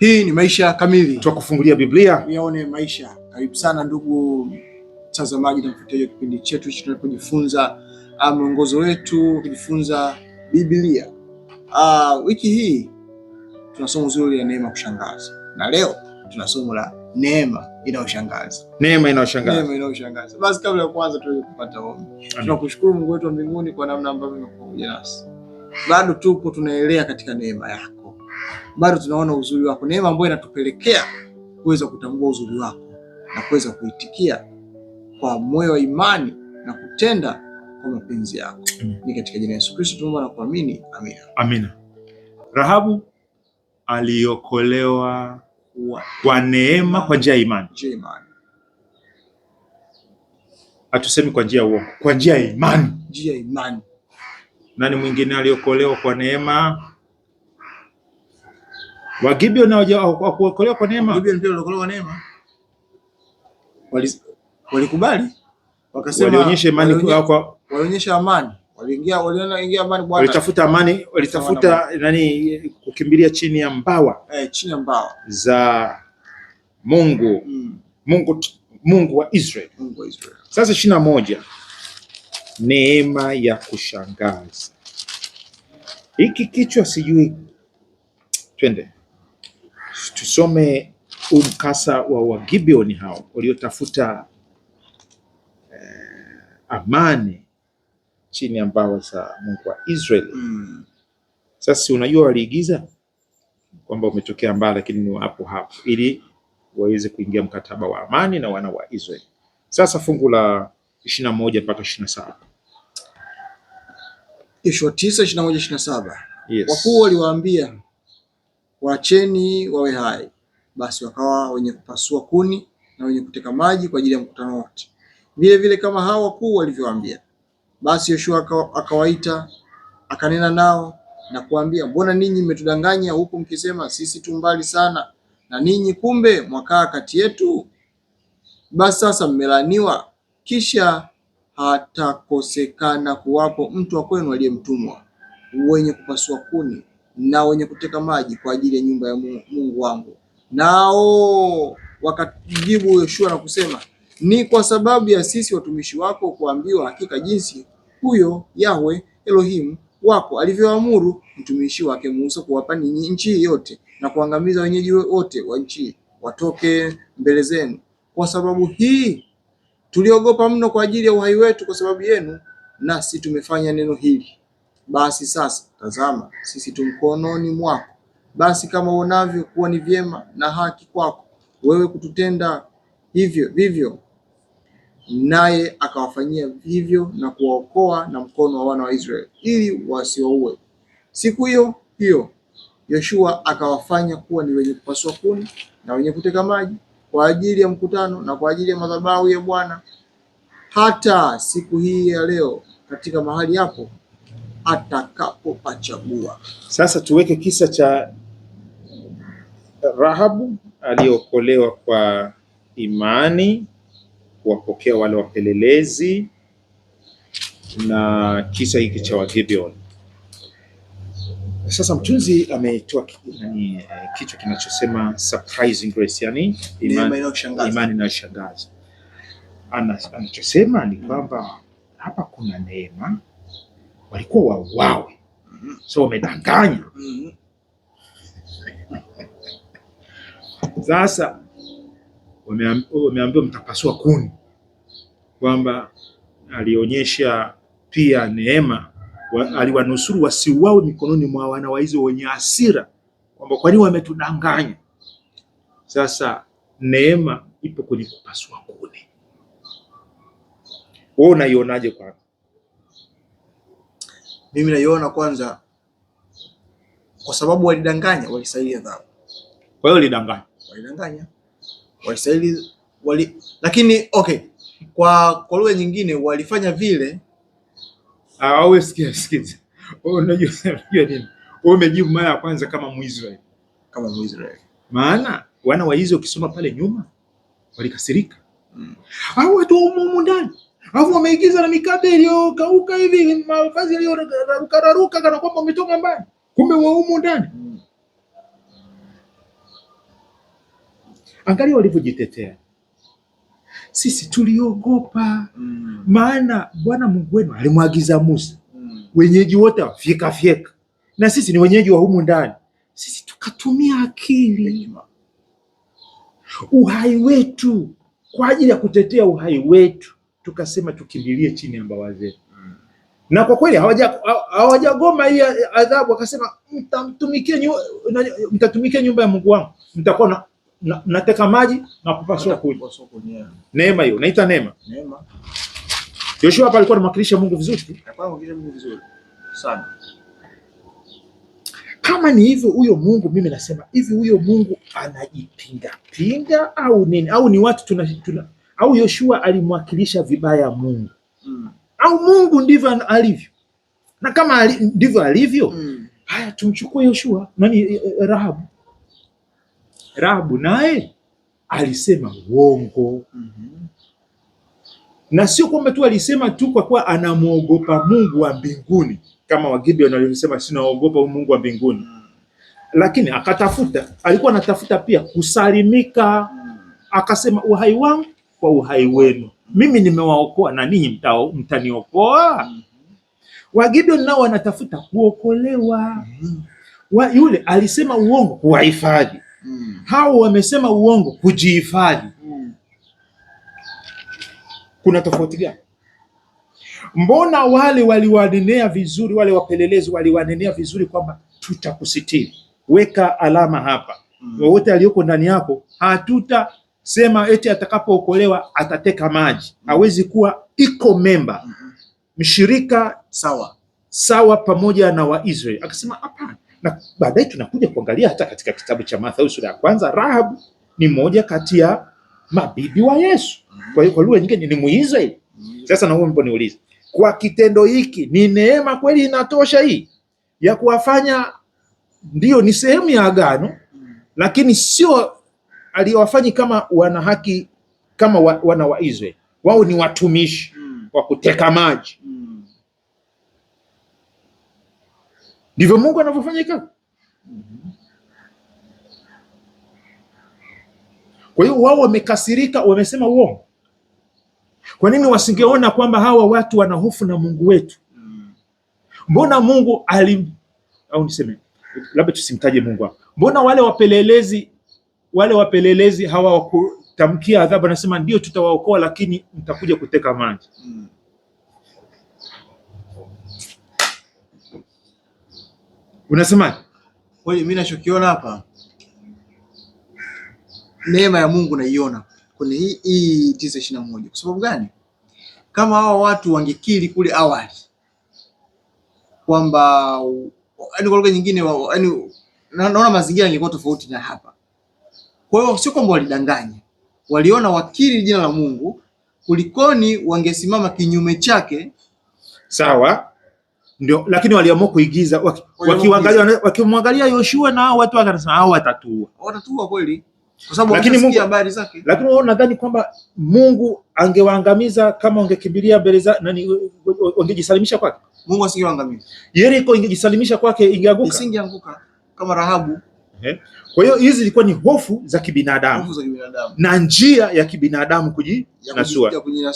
Hii ni Maisha Kamili, twakufungulia Biblia uyaone maisha. Karibu sana ndugu mtazamaji na mfuatiliaji wa kipindi chetu hichi tunapojifunza ah, mwongozo wetu kujifunza Biblia. Ah, wiki hii tuna somo zuri la neema kushangaza, na leo tuna somo la neema inayoshangaza, neema inayoshangaza, neema inayoshangaza. Basi kabla ya kwanza tuweze kupata ombi. Tunakushukuru Mungu wetu wa mbinguni kwa namna ambavyo umekuwa nasi, bado tupo tunaelea katika neema yako bado tunaona uzuri wako, neema ambayo inatupelekea kuweza kutambua uzuri wako na kuweza kuitikia kwa moyo wa imani na kutenda kwa mapenzi yako Ni katika jina la Yesu Kristo tunaomba na kuamini, amina. Amina. Rahabu aliokolewa kwa neema kwa njia ya imani, hatusemi kwa njia ya uongo, kwa njia ya imani. Njia ya imani. Nani mwingine aliokolewa kwa neema Wagibeoni hawakuokolewa kwa neema. Wagibeoni pia waliokolewa kwa neema. Walikubali wakasema, walionyesha imani kwa walionyesha amani, waliingia waliona ingia amani Bwana. Walitafuta amani, walitafuta nani? Kukimbilia chini ya mbawa eh, chini ya mbawa za Mungu mm. Mungu Mungu wa Israeli. Mungu wa Israeli. Sasa ishirini moja, neema ya kushangaza. Hiki kichwa sijui, twende tusome huu mkasa wa Wagibioni hao waliotafuta eh, amani chini ya mbawa za Mungu wa Israeli mm. Sasa unajua waliigiza kwamba umetokea mbali, lakini ni hapo hapo ili waweze kuingia mkataba wa amani na wana wa Israeli. Sasa fungu la ishirini na moja mpaka ishirini na saba Yoshua tisa ishirini na moja ishirini na saba wakuu waliwaambia waacheni wawe hai. Basi wakawa wenye kupasua kuni na wenye kuteka maji kwa ajili ya mkutano wote, vile vile kama hao wakuu walivyowaambia. Basi Yoshua akawaita, akanena nao na kuambia, mbona ninyi mmetudanganya huku mkisema, sisi tu mbali sana na ninyi, kumbe mwakaa kati yetu? Basi sasa mmelaaniwa, kisha hatakosekana kuwapo mtu wa kwenu aliyemtumwa, wenye kupasua kuni na wenye kuteka maji kwa ajili ya nyumba ya Mungu wangu. Nao wakajibu Yoshua na kusema, ni kwa sababu ya sisi watumishi wako kuambiwa hakika jinsi huyo Yahwe Elohimu wako alivyoamuru mtumishi wake Musa kuwapa ninyi nchi yote na kuangamiza wenyeji wote wa nchi watoke mbele zenu. Kwa sababu hii tuliogopa mno kwa ajili ya uhai wetu kwa sababu yenu, nasi tumefanya neno hili. Basi sasa tazama, sisi tu mkononi mwako. Basi kama uonavyo kuwa ni vyema na haki kwako wewe kututenda hivyo vivyo, naye akawafanyia hivyo na kuwaokoa na mkono wa wana wa Israeli ili wasiwaue. Siku hiyo hiyo Yoshua akawafanya kuwa ni wenye kupasua kuni na wenye kuteka maji kwa ajili ya mkutano na kwa ajili ya madhabahu ya Bwana hata siku hii ya leo katika mahali hapo atakapopachagua. Sasa tuweke kisa cha Rahabu aliyeokolewa kwa imani, kuwapokea wale wapelelezi na kisa hiki cha Wagibeoni. Sasa mtunzi ametoa eh, kichwa kinachosema surprising grace, yani imani inayoshangaza. Anachosema ni kwamba hapa kuna neema walikuwa wauwawe so wamedanganya. Sasa wameambiwa mtapasua kuni, kwamba alionyesha pia neema wa, aliwanusuru wasiuawe mikononi mwa wana wa hizo wenye hasira, kwamba nini wametudanganya. Sasa neema ipo kwenye kupasua kuni. Wewe unaionaje kwa mimi naiona kwanza, kwa sababu walidanganya, walistahili adhabu. Kwa hiyo walidanganya, walidanganya, walistahili wali, lakini okay, kwa kwa lugha nyingine walifanya vile. Ah, wewe sikia, unajua nini? Wewe umejibu mara ya kwanza kama Muisraeli, kama Muisraeli, maana wana wa Israeli ukisoma pale nyuma walikasirika, mm. au watu wa umu ndani Alafu wameigiza na mikate iliyokauka hivi, mavazi yaliyoraruka raruka kana kwamba umetoka mbali, kumbe waumo ndani. Angalia walivyojitetea. Sisi tuliogopa mm. Maana Bwana Mungu wenu alimwagiza Musa mm. wenyeji wote wafyeka fyeka, na sisi ni wenyeji wa humu ndani. Sisi tukatumia akili, uhai wetu kwa ajili ya kutetea uhai wetu tukasema tukimbilie chini ya mbawa zetu mm. na kwa kweli hawajagoma hii adhabu, wakasema mtatumikia nyumba ya Mungu wangu, mtakuwa na, na, nateka maji na kupasua kuni. Neema hiyo naita neema. Neema. Yoshua hapa alikuwa anamwakilisha Mungu vizuri, Mungu vizuri sana. Kama ni hivyo huyo Mungu, mimi nasema hivi, huyo Mungu anajipingapinga au nini? Au ni watu tuna, tuna au Yoshua alimwakilisha vibaya Mungu mm. au Mungu ndivyo alivyo, na kama ali, ndivyo alivyo mm. haya tumchukue Yoshua nani, eh, eh, eh, Rahabu. Rahabu naye alisema uongo mm -hmm. na sio kwamba tu alisema tu kwa kuwa anamwogopa Mungu wa mbinguni kama Wagibeoni walivyosema, sinaogopa Mungu wa mbinguni mm. lakini akatafuta, alikuwa anatafuta pia kusalimika mm. akasema uhai wangu kwa uhai wenu. Mimi nimewaokoa na ninyi mtaniokoa? mm Wagideoni nao wanatafuta kuokolewa. Mm-hmm. wa yule alisema uongo kuwahifadhi. mm hao wamesema uongo kujihifadhi. mm kuna tofauti gani? Mbona wale waliwanenea vizuri, wale wapelelezi waliwanenea vizuri kwamba tutakusitiri, weka alama hapa, mm Wote aliyoko ndani yako hatuta sema eti atakapookolewa atateka maji, mm-hmm. hawezi kuwa iko memba mm-hmm. mshirika sawa sawa pamoja na Waisraeli. Akasema hapana, na baadaye tunakuja kuangalia hata katika kitabu cha Mathayo sura ya kwanza, Rahab ni moja kati ya mabibi wa Yesu, mm-hmm. kwa hiyo kwa lugha nyingine ni -hmm. Sasa na wewe niulize, kwa kitendo hiki ni neema kweli inatosha hii ya kuwafanya, ndio ni sehemu ya agano, lakini sio aliwafanyi kama wana haki kama wa, wana wa Israeli. Wao ni watumishi mm. wa kuteka maji mm. ndivyo Mungu anavyofanya kazi mm -hmm. Kwa hiyo wao wamekasirika, wamesema uongo. Kwa nini wasingeona kwamba hawa watu wana hofu na Mungu wetu? Mm. Mbona Mungu alim au niseme labda tusimtaje Mungu hapa? Mbona wale wapelelezi wale wapelelezi hawa wakutamkia adhabu, anasema ndio tutawaokoa, lakini mtakuja kuteka maji. Hmm. Unasemaje? Kweli mimi nachokiona hapa, neema ya Mungu naiona kwenye hii hii tisa ishirini na moja. Kwa sababu gani? Kama hao watu wangekiri kule awali kwamba, yaani kwa lugha nyingine, yaani naona mazingira yangekuwa tofauti na hapa kwa hiyo sio kwamba walidanganya, waliona wakili jina la Mungu, kulikoni wangesimama kinyume chake. Sawa, ndio, lakini waliamua kuigiza wakiangalia waki wakimwangalia Yoshua na hao watu wakasema hao watatua, watatua kweli, kwa sababu lakini Mungu habari zake. Lakini wao nadhani kwamba Mungu angewaangamiza kama wangekimbilia mbele za nani, wangejisalimisha kwake. Mungu asingewaangamiza. Yeriko ingejisalimisha kwake, ingeanguka, isingeanguka kama Rahabu Eh? Kwa hiyo hizi zilikuwa ni hofu za kibinadamu na njia ya kibinadamu kujinasua,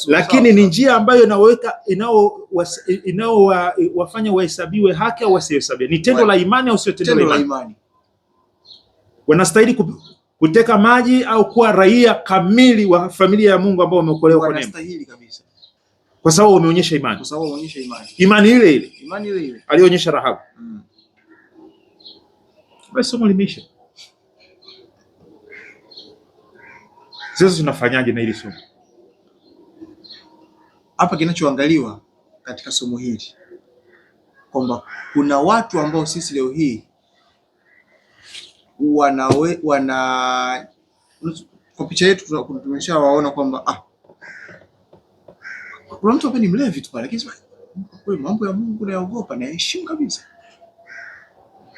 lakini ni njia ambayo inaweka inaowafanya wahesabiwe haki au wasihesabiwe. Ni tendo la imani au sio tendo la imani? Wanastahili kuteka maji au kuwa raia kamili wa familia ya Mungu ambao wameokolewa kwa neema, kwa sababu wameonyesha imani, imani ile ile aliyoonyesha Rahabu. Mm. Basi somo limeisha. Sasa tunafanyaje na hili somo? Hapa kinachoangaliwa katika somo hili kwamba kuna watu ambao sisi leo hii wanawe, wana kwa picha yetu tumeshawaona kwamba ah, kuna mtu ambaye ni mlevi tu pale, lakini mambo ya Mungu nayaogopa, nayaheshimu kabisa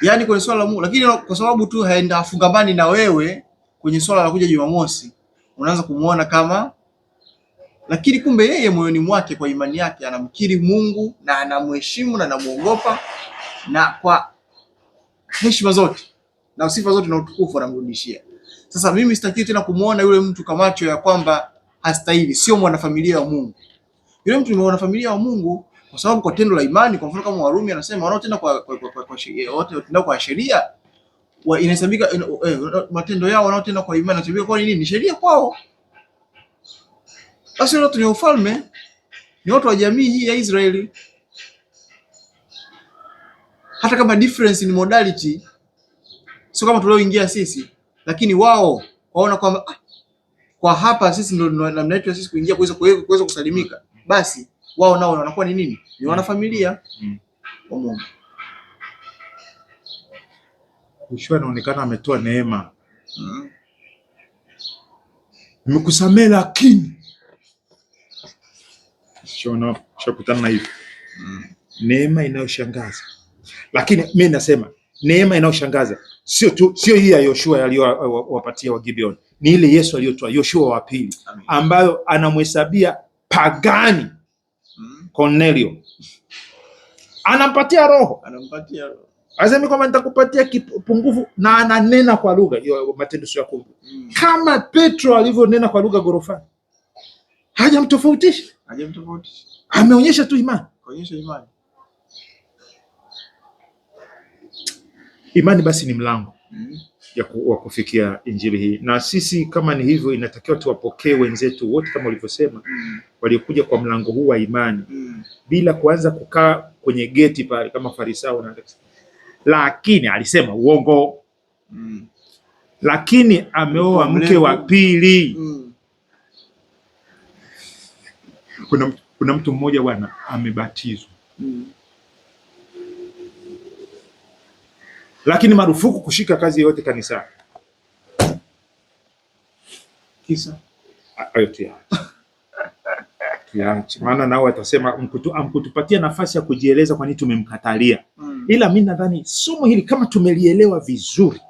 yani kwenye swala la Mungu, lakini kwa sababu tu haenda afungamani na wewe kwenye swala la kuja Jumamosi, unaanza kumuona kama lakini kumbe yeye moyoni mwake kwa imani yake anamkiri Mungu na anamheshimu na anamuogopa na kwa heshima zote na sifa zote na utukufu anamrudishia. Sasa mimi sitaki tena kumuona yule mtu kwa macho ya kwamba hastahili, sio mwanafamilia wa Mungu. Yule mtu ni mwanafamilia wa Mungu kwa sababu kwa tendo la imani, kwa mfano kama Warumi anasema wanaotenda kwa kwa kwa, kwa, kwa sheria eh, wote wanaotenda kwa sheria inahesabika eh, eh matendo yao wanaotenda kwa imani inahesabika kwa nini? Ni sheria kwao. Basi watu ni ufalme, ni watu wa jamii hii ya Israeli, hata kama difference ni modality, sio kama tulioingia sisi, lakini wao waona kwamba ah, kwa hapa sisi ndio namna yetu sisi kuingia kuweza kusalimika, basi wao nao wanakuwa ni nini? Ni mm. wanafamilia mm. wa Mungu. Yoshua anaonekana ametoa neema, mm. nimekusamehe lakini shakutana na hivi mm. neema inayoshangaza. Lakini mi nasema neema inayoshangaza sio tu, sio hii ya Yoshua aliyowapatia wa Gibeon, ni ile Yesu aliyotoa Yoshua wa pili, ambayo anamhesabia pagani Cornelio, anampatia roho, anampatia roho, asemi kwamba nitakupatia kipungufu, na ananena kwa lugha. Matendo ya Yakobo mm. kama Petro alivyonena kwa lugha gorofani, hajamtofautisha, hajamtofautisha, ameonyesha tu imani, ameonyesha imani. Imani basi ni mlango mm wa kufikia injili hii, na sisi kama ni hivyo, inatakiwa tuwapokee wenzetu wote kama ulivyosema, mm. waliokuja kwa mlango huu wa imani mm. bila kuanza kukaa kwenye geti pale kama Farisao na lakini alisema uongo mm. lakini ameoa mke wa pili mm. kuna, kuna mtu mmoja bwana amebatizwa mm. lakini marufuku kushika kazi yoyote kanisani. Kisa hayo tuyaache, maana nao watasema amkutupatia nafasi ya kujieleza, kwa nini tumemkatalia? mm. Ila mi nadhani somo hili kama tumelielewa vizuri,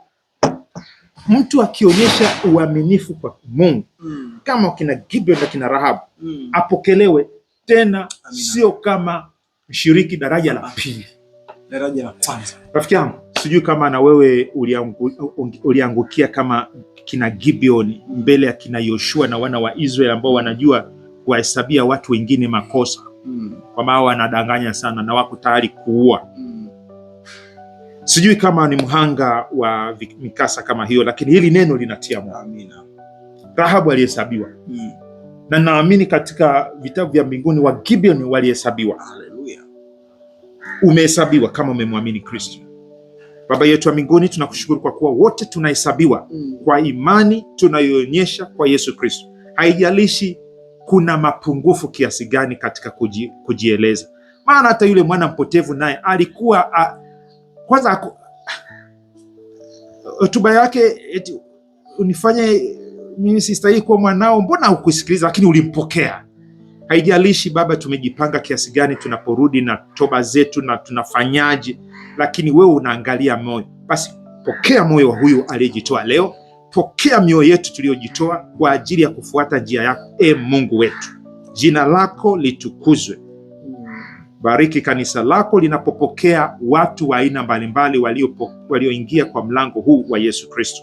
mtu akionyesha uaminifu kwa Mungu mm. kama wakina Gideon na kina Rahabu mm. apokelewe tena Amina. Sio kama mshiriki daraja la pili, daraja la kwanza, rafiki yangu sijui kama na wewe uliangukia kama kina Gibeon mbele ya kina Yoshua na wana wa israel ambao wanajua kuwahesabia watu wengine makosa mm. kwa maana wanadanganya sana na wako tayari kuua mm. sijui kama ni mhanga wa mikasa kama hiyo, lakini hili neno linatia moyo. Amina. Rahabu alihesabiwa mm. na naamini katika vitabu vya mbinguni wa Gibeon walihesabiwa. Haleluya, umehesabiwa kama umemwamini Kristo. Baba yetu wa mbinguni, tunakushukuru kwa kuwa wote tunahesabiwa mm. kwa imani tunayoonyesha kwa Yesu Kristo. Haijalishi kuna mapungufu kiasi gani katika kuji, kujieleza, maana hata yule mwana mpotevu naye alikuwa a, kwanza hotuba yake eti, unifanye mimi sistahili kuwa mwanao, mbona hukusikiliza? Lakini ulimpokea. Haijalishi Baba, tumejipanga kiasi gani, tunaporudi na toba zetu na tunafanyaje lakini wewe unaangalia moyo. Basi pokea moyo wa huyu aliyejitoa leo, pokea mioyo yetu tuliyojitoa kwa ajili ya kufuata njia yako. E Mungu wetu, jina lako litukuzwe. Bariki kanisa lako linapopokea watu wa aina mbalimbali walioingia kwa mlango huu wa Yesu Kristo.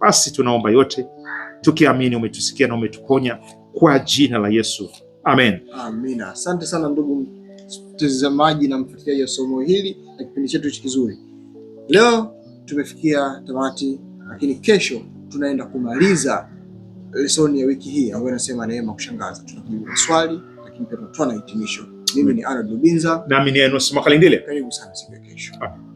Basi tunaomba yote tukiamini, umetusikia na umetuponya kwa jina la Yesu, amen, amen. Asante sana ndugu mtazamaji na mfuatiliaji wa somo hili na kipindi chetu hichi kizuri. Leo tumefikia tamati, lakini kesho tunaenda kumaliza lesoni ya wiki hii ambayo inasema neema kushangaza. Tunakujibu maswali lakini pia tunatoa na hitimisho. Mimi ni Arnold Lubinza nami ni Enos Makalindile. Karibu sana siku ya kesho.